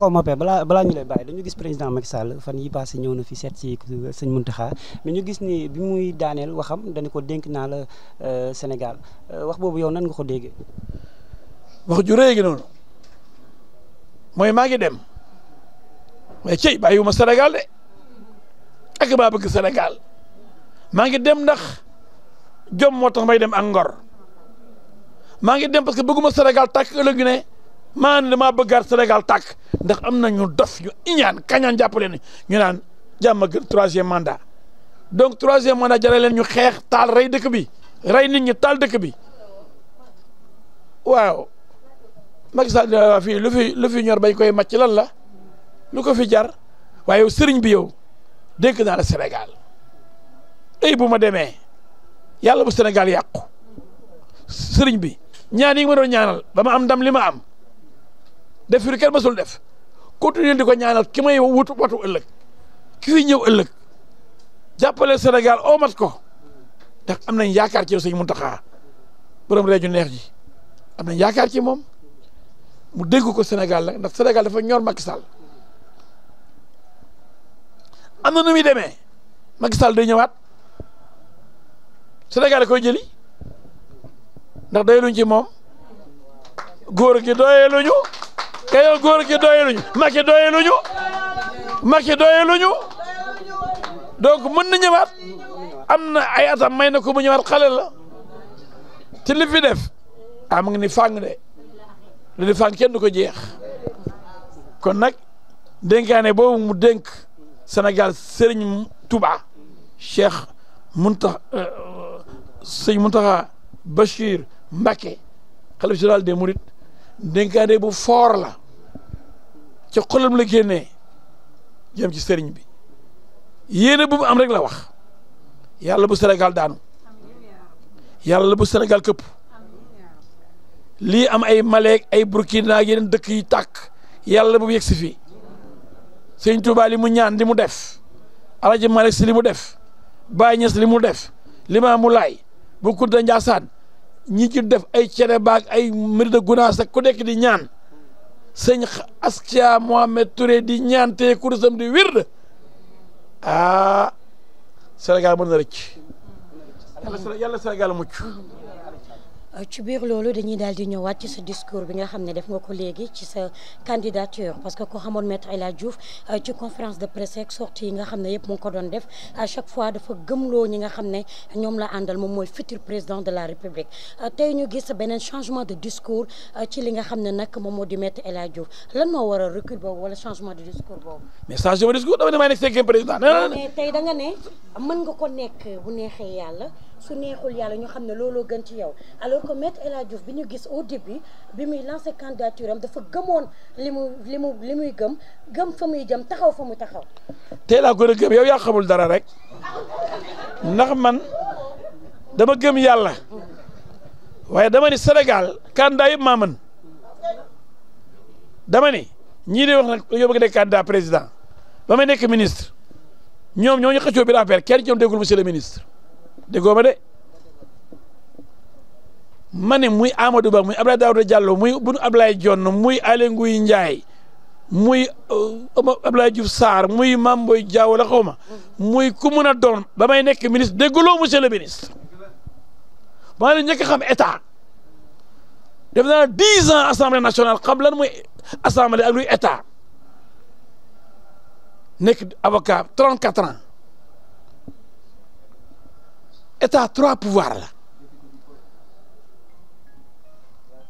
waaw Mapé balaa balaa ñu lay bàyyi dañu gis président Macky Sall fan yi passé ñëw na fi seet si euh, sëñ Mountakha mais ñu gis ni bi muy daaneel waxam dañu ko dénk naa la euh, Sénégal euh, wax boobu yow nan nga ko déggee. wax ju rëy noonu mooy maa ngi dem mais cey bàyyiwuma Sénégal de ak maa bëgg Sénégal maa ngi dem ndax jom moo tax may dem ak ngor maa ngi dem parce que bëgguma Sénégal tàkk ëllëg ne. maan damaa bëggaat Sénégal tàkk ndax am na ñu dof ñu iñaan kañaan jàppale ni ñu naan jàmm gën troisième mandat donc troisième mandat jare leen ñu xeex taal rey dëkk bi rey nit ñi taal dëkk bi waaw Macky Sall dina euh, fii lu fi lu lan la lu ko fi jar waaye sëriñ bi yow dénk naa la Sénégal bu ma demee yàlla bu Sénégal yàqu sëriñ bi ñaan yi ma doon ñaanal ba ma am ndam li ma am def fi kenn mësul def continuer di ko ñaanal ki may wutu watu ëllëg ki fi ñëw ëllëg jàppale Sénégal oomat ko ndax am nañ yaakaar ci sëñ neex ji am yaakaar ci moom mu dégg ko Sénégal nag ndax Sénégal dafa ñor Macky Sall am na nu muy demee Macky Sall ñëwaat Sénégal koy jëli ndax doyaluñ ci moom góor gi doyaluñu te yow góor gi doyaluñu Macky doyaluñu Macky doyaluñu mën na ñëwaat am na ay atam may na ko mu ñëwaat xale la def ah mu ngi ni fàng de li di kenn du ko jeex kon nag dénkaane boobu mu dénk Sénégal Serigne Touba Cheikh Muntaxa euh, Sëñ Muntaxa Bachir Mbacké xalifa général des Mourides dénkaane bu foor la ci xolam la génnee jëm ci sëriñ bi yéene bu am rek la wax yàlla bu senegal daanu yàlla bu senegal këpp lii am ay Maleek ay Burkina yeneen dëkk yi tàkk yàlla bu mu yegg si fii li mu ñaan li mu def Alaaji Malick Si li mu def ba Ñas li mu def Limaamu Laay bu Kunta Njaasaan ñi ci def ay cere baag ay mbir de gunaas ak ku nekk di ñaan sëñ Askia Mohamed Touré di ñaan te kursam di wird ah Sénégal mën na rëcc yàlla Sénégal mucc ci biir loolu dañuy daal di ñëwaat ci sa discours bi nga xam ne def nga ko léegi ci sa candidature parce que ko xamoon maître El euh, ci conférence de presse ak sortie nga xam ne yëpp mu ngi ko doon def à ne ñoom la àndal de la république euh, tey ñu gis beneen changement de discours euh, ci xam ne nag moom moo di lan moo war a recul boobu wala changement de discours nga ko nekk bu neexee yàlla. su neexul yàlla ñu xam ne looloo gën ci yow alors que maître El bi ñu gis au début bi muy lancé candidature am dafa gëmoon li mu li mu li muy gëm gëm fa muy jëm taxaw fa mu taxaw. tey laa gën a gëm yow yaa dara rek ndax man dama gëm yàlla waaye dama ni Sénégal candidat yëpp maa mën dama ne ñii de wax nag yow bëgg nekk candidat président ba ma nekk ministre ñoom ñoo ñu xëccoo bi affaire kenn ci ñoom déggul monsieur le ministre. déggoo ma de ma muy Amadou Ba muy Abdoulaye Daouda Diallo muy bunu Abdoulaye Dione muy Aly Ngouille Ndiaye muy euh, Abdoulaye Diouf Sarr muy Mame Boye Diao xaw ma muy ku mun a doon ba may nekk ministre dégguloo monsieur le ministre maa ngi njëkk xam état def naa dix ans assemblée national xam lan muy assemblée ak luy nekk avocat trente quatre ans état trois pouvoirs la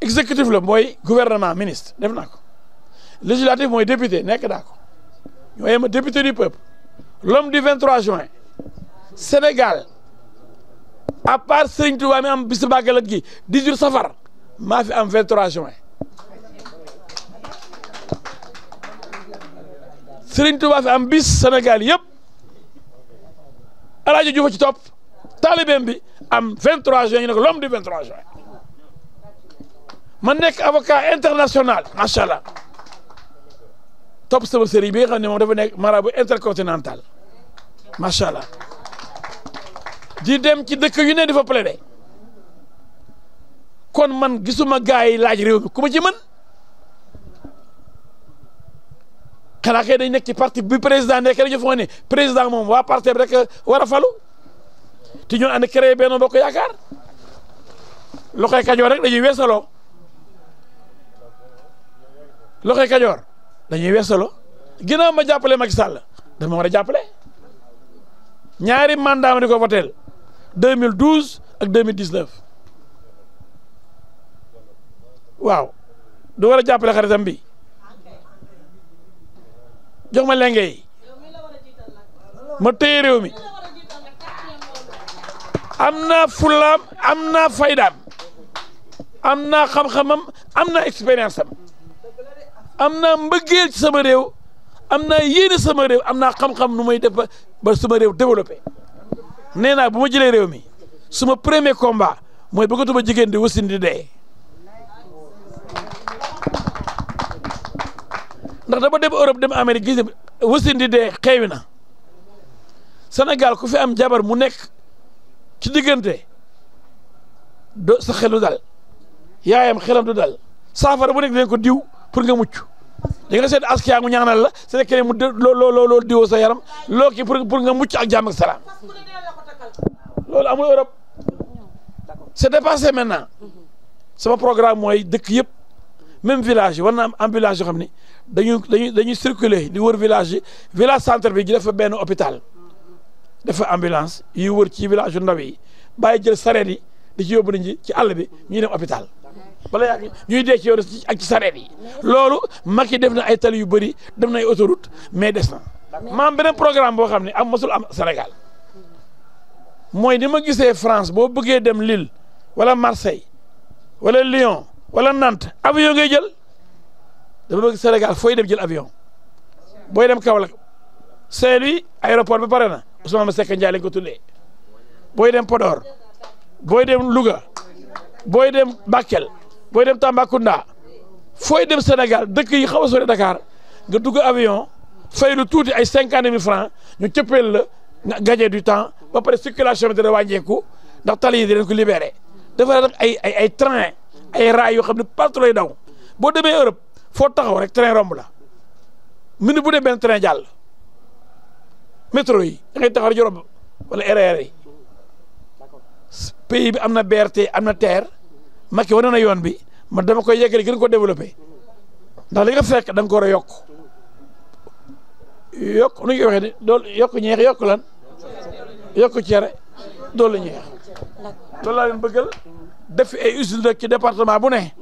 exécutif la mooy gouvernement ministre def naa ko législatif mooy député nekk naa ko ñoo yem député du peuple l'homme du juin Sénégal à part Serigne am bisu màggalat gi 18 safar maa fi am juin Serigne Touba fi am bis Sénégal yëpp El Hadj Diouf ci topp. taalibeem bi am 23 juin ñu ne ko l'homme du 23 juin man nekk avocat international macha allah topp sama sëriñ bi nga xam ne moom bu nekk marabu intercontinental macha allah di dem ci dëkk yu ne di fa plaider kon man gisuma gars yi laaj réew mi ku ma ci mën xanaa kay dañ nekk ci parti bi président nekk rek ñu foog ne président moom waa parti bi rek war falu. te ñoo ànd créé Benno Bokk Yaakaar loxoy kajoor rek dañuy weesaloo loxoy kajoor dañuy weesaloo ginnaaw ma jàppale Macky Sall dama war a jàppale ñaari mandat ma di ko voteel 2012 ak 2019 waaw du war a jàppale xaritam bi jox ma lenge ma téye réew mi am naa fullaam am naa faydaam am naa xam-xamam am naa expérience am am naa mbëggeel ci sama réew am na yéene sama réew am naa xam-xam nu may def ba sama réew développé nee naa bu ma jëlee réew mi suma premier combat mooy bëggatuma jigéen di wasin di dee ndax dama dem Europe dem Amérique gis wasin di dee xeewi na Sénégal ku fi am jabar mu nekk ci diggante do sa xel du dal yaayam xelam du dal saafara bu nekk dinañ ko diw pour nga mucc da nga seet askiya mu ñaanal la seet keneen mu loo loo loo diwoo sa yaram loo kii pour pour nga mucc ak jàmm ak salaam loolu amul Europe c'est dépassé maintenant sama programme mooy dëkk yëpp même village yi na am village yoo xam ni dañuy dañuy dañuy circuler di wër village yi village centre bi ji fa benn hôpital. dafa ambulance yu wër ci village yu ndaw yi bàyyi jël sareet yi di ci yóbbu nit ñi ci àll bi ñuy dem hôpital bala yàgg ñuy dee ci yoon ak ci sareet yi loolu Macky def na ay tali yu bëri def na ay autoroute mais des na maam beneen programme boo xam ne am masul am Sénégal mooy ni ma gisee France boo bëggee dem Lille wala Marseille wala Lyon wala Nantes avion ngay jël dama bëgg Sénégal fooy dem jël avion booy dem Kaolack Saint-Louis aéroport bi pare na Ousmane Seck Ndiaye lañ ko tuddee booy dem Podor booy dem Louga booy dem Bakel booy dem Tambacounda fooy dem Sénégal dëkk yi xaw a sori Dakar nga dugg avion fay lu tuuti ay cinquante mille francs ñu cëppeel la nga gagné du temps ba pare circulation bi dana wàññeeku ndax tali yi dinañ ko libéré dafa nag ay ay ay train ay raay yoo xam ne partout lay daw boo demee Europe foo taxaw rek train romb la minute bu dee benn train jàll. métro yi da ngay taxaw jorob wala RER yi pays bi am na berte am na ma Macky wane na yoon bi man dama koy yeggali gën ko développé ndax li nga fekk da nga ko war a yokk yokk nu ñu waxee yokk ñeex yokk lan yokk cere doolu ñeex loolu laa leen bëggal def fi ay usine rek ci département bu ne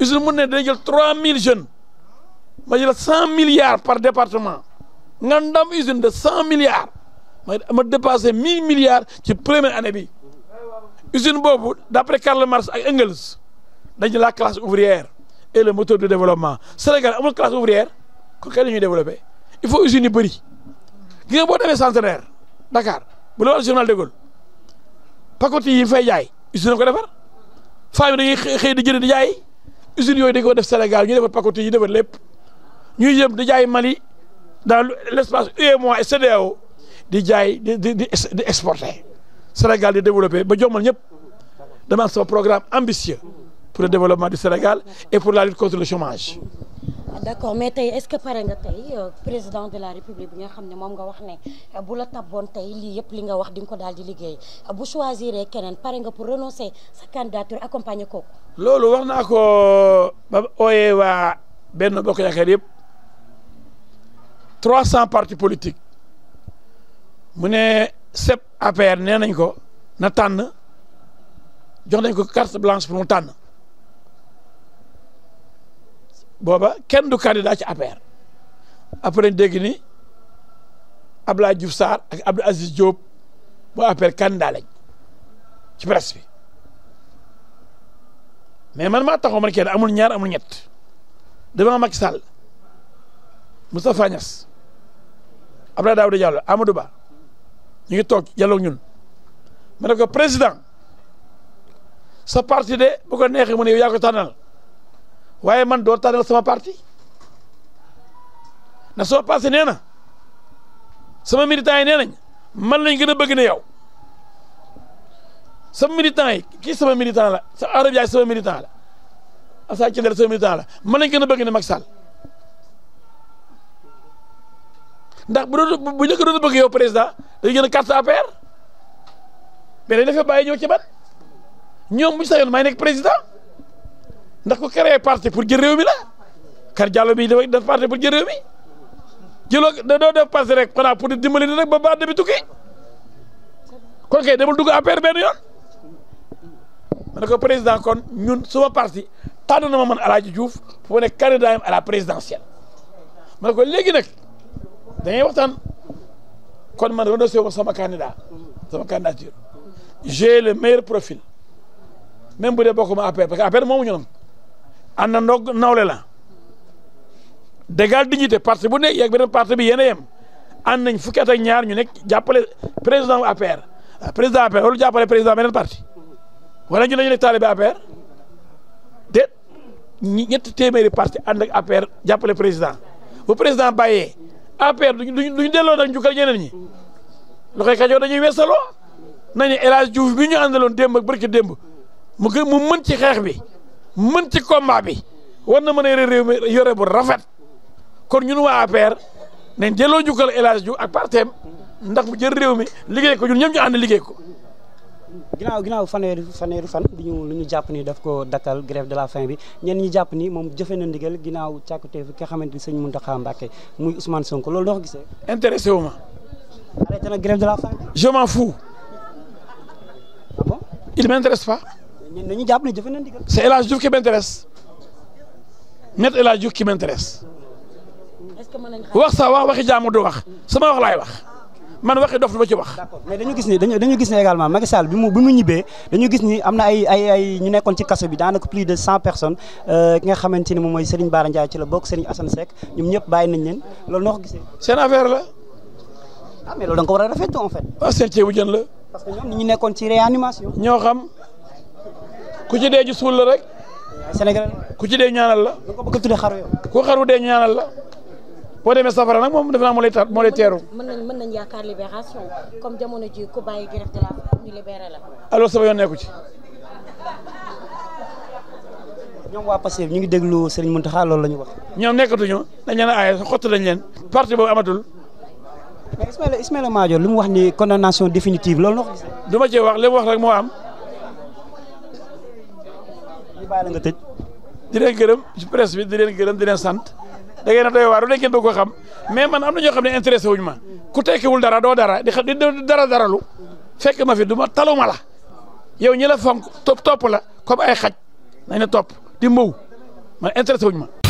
usine mu ne day jël trois mille jeunes ma jël cent milliards par département nga ndam usine de cent milliards ma ma dépassé mille milliards ci première année boobu d' après Karl Marx ak Engels dañu la classe ouvrière et le moteur de développement Sénégal amul classe ouvrière ko kay dañuy développé il faut usines yu bëri gis nga boo demee Dakar bu la journal de Gaulle pacotille yi fay jaay usine na ko defar femme yi dañuy xëy di di jaay usines yooyu dañ Sénégal ñu defar pacotille yi defar lépp ñuy jëm di Mali dans l'espace UEMOA et CEDEAO di jaay di di di exporter Sénégal di développer ba jommal ñëpp dama so sama programme ambitieux pour le développement du Sénégal et pour la lutte contre le chômage. Ah, d'accord mais tey est-ce que pare nga tey euh, président de la république bi nga xam ne moom nga wax ne euh, la tabon tey lii yëpp li nga wax di nga ko daal di liggéey euh, bu choisir keneen pare nga pour renoncer sa candidature accompagner ko loolu wax naa ko ba ooyee waa benn bokk yëpp. trois cent partis politiques mu ne sep APR nee nañ ko na tànn jox nañ ko carte blanche pour mu tànn booba kenn du candidat ci APR après dégg ni Abdoulaye Diouf Sarr ak boo Aziz Diop bu ci presse bi mais man maa taxaw man kenn amul ñaar amul ñett devant Macky Sall Moustapha Abdoulaye Daouda Diallo Amadou Ba ñu ngi toog jàlloo ñun ma ne ko président sa parti de bu ko neexee mu ne yow yaa ko tànnal waaye man doo tànnal sama parti na soo passé nee na sama militant yi nee nañ man lañ gën a bëgg na yow sama militant yi kii sama militant la sa arab yaay sama militant la Assane Thiendella sama militant la man lañ gën a bëgg na Macky ndax bu doon bu ñu ko doon bëgg yow président day gën a carte APR mais la fa bàyyi ñëw ci man ñoom bu ñu sañoon may nekk président ndax ku créé parti pour jël réew mi la kar jàllo bi dafa def parti pour jël réew mi jëloo da doo def parti rek xanaa pour dimbali ni rek ba baat bi tukki kon kay demul dugg APR benn yoon ma ne président kon ñun suma parti tànn na ma man Alaaji Diouf fu ma nekk candidat à la présidentielle ma ne ko léegi nag dañuy waxtaan kon man renoncé woon sama candidat sama candidature j'ai le meilleur profil même bu dee bokkuma APR parce que APR moomu ñu nag ànd na ndog nawle la dégal dignité parti bu nekk yeeg beneen parti bi yéen a yem ànd nañ fukki at ñaar ñu nekk jàppale président APR ah, président APR loolu jàppale président beneen parti wala ñu ne ñu ne taalibe APR déet ñetti téeméeri parti ànd ak APR jàppale président bu président bàyyee. APR duñ ñu duñ delloo dañ jukkal ñeneen ñi loxoy Kajoor dañuy weesaloo nañu El Hadj Diouf bi ñu àndaloon démb ak barki démb mu gën mu mën ci xeex bi mën ci combat bi war na mën a yore réew mi yore bu rafet kon ñun waa APR nañ delloo jukkal El Hadj Diouf ak parteem ndax mu jël réew mi liggéey ko ñun ñëpp ñu ànd liggéey ko. ginaaw ginaaw fanweeri fanweeri fan bi ñu lu ñu jàpp ni daf ko dakkal grève de la faim bi ñenn ñi jàpp ni moom jëfe na ndigal ginaaw càkkuteef ki nga xamante ni sëñ Mountakha Mbacké muy Ousmane Sonko loolu noo ko gisee. intéressé wu ma. arrêté na de la faim. je m'en fous. Ah il m'intéresse pas. ñun dañuy jàpp ni jëfe na ndigal. c'est El Hadj Diouf qui m'intéresse maître El Hadj Diouf qui m'intéresse. ce que mën wax sa wax waxi jaamu du wax sama wax laay wax. man waxi dof dama ci wax. d'accord mais dañu gis ni dañu gis ni également Macky Sall bi mu ñibbee dañu gis ni am na ay ay ay ñu nekkoon ci kaso bi daanaka plus de cent personnes euh, ki nga xamante moom mooy Serigne Bara Ndiaye ci la bokk Serigne Assane Seck ñoom ñëpp bàyyi nañ leen loolu noo ko gisee. seen affaire la. ah mais war a rafetlu en fait. ah seen ceebu jën la. parce que ñu nekkoon ci réanimation. ñoo xam ku ci dee ji suul la rek. Sénégal ku ci dee ñaanal la. da nga ko bëgg a tuddee xaru ñaanal la boo demee safara nag moom defe naa moo lay yaakaar libération comme jamono ji ku bàyyi grève de la faim ñu ci. ñoom waa Pastef ñu ngi déglu Serigne mun loolu la ñu wax. ñoom nekkatuñu dañ leen a aaye xottu dañ leen. parti boobu amatul. mais Ismaïla Ismaïla Madior li mu wax ni condamnation définitive loolu noo ko gisee. du ma cee wax li mu wax rek moo am. nga tëj. di leen gërëm ci presse bi di gërëm di sant da ngeen a doy waar lu ne kenn ñoo xam ne intéressé wuñu ma. ku wul dara doo dara di di dara lu fekk ma fi du ma taluma la yow ñi la fonk topp topp la comme ay xaj nañ la topp di mbow man intéressé wuñ ma